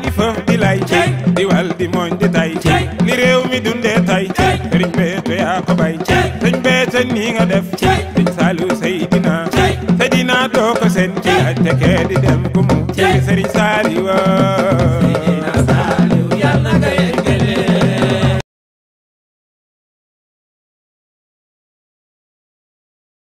di fëf di lay ci di wal mooñ di tay li réew mi dundee tay ci sëriñ Béthio yaa ko bay ci sëñ nii nga def ci sëñ Seydina Seydina doo ko seen ci di dem gumu ci sëriñ Saliou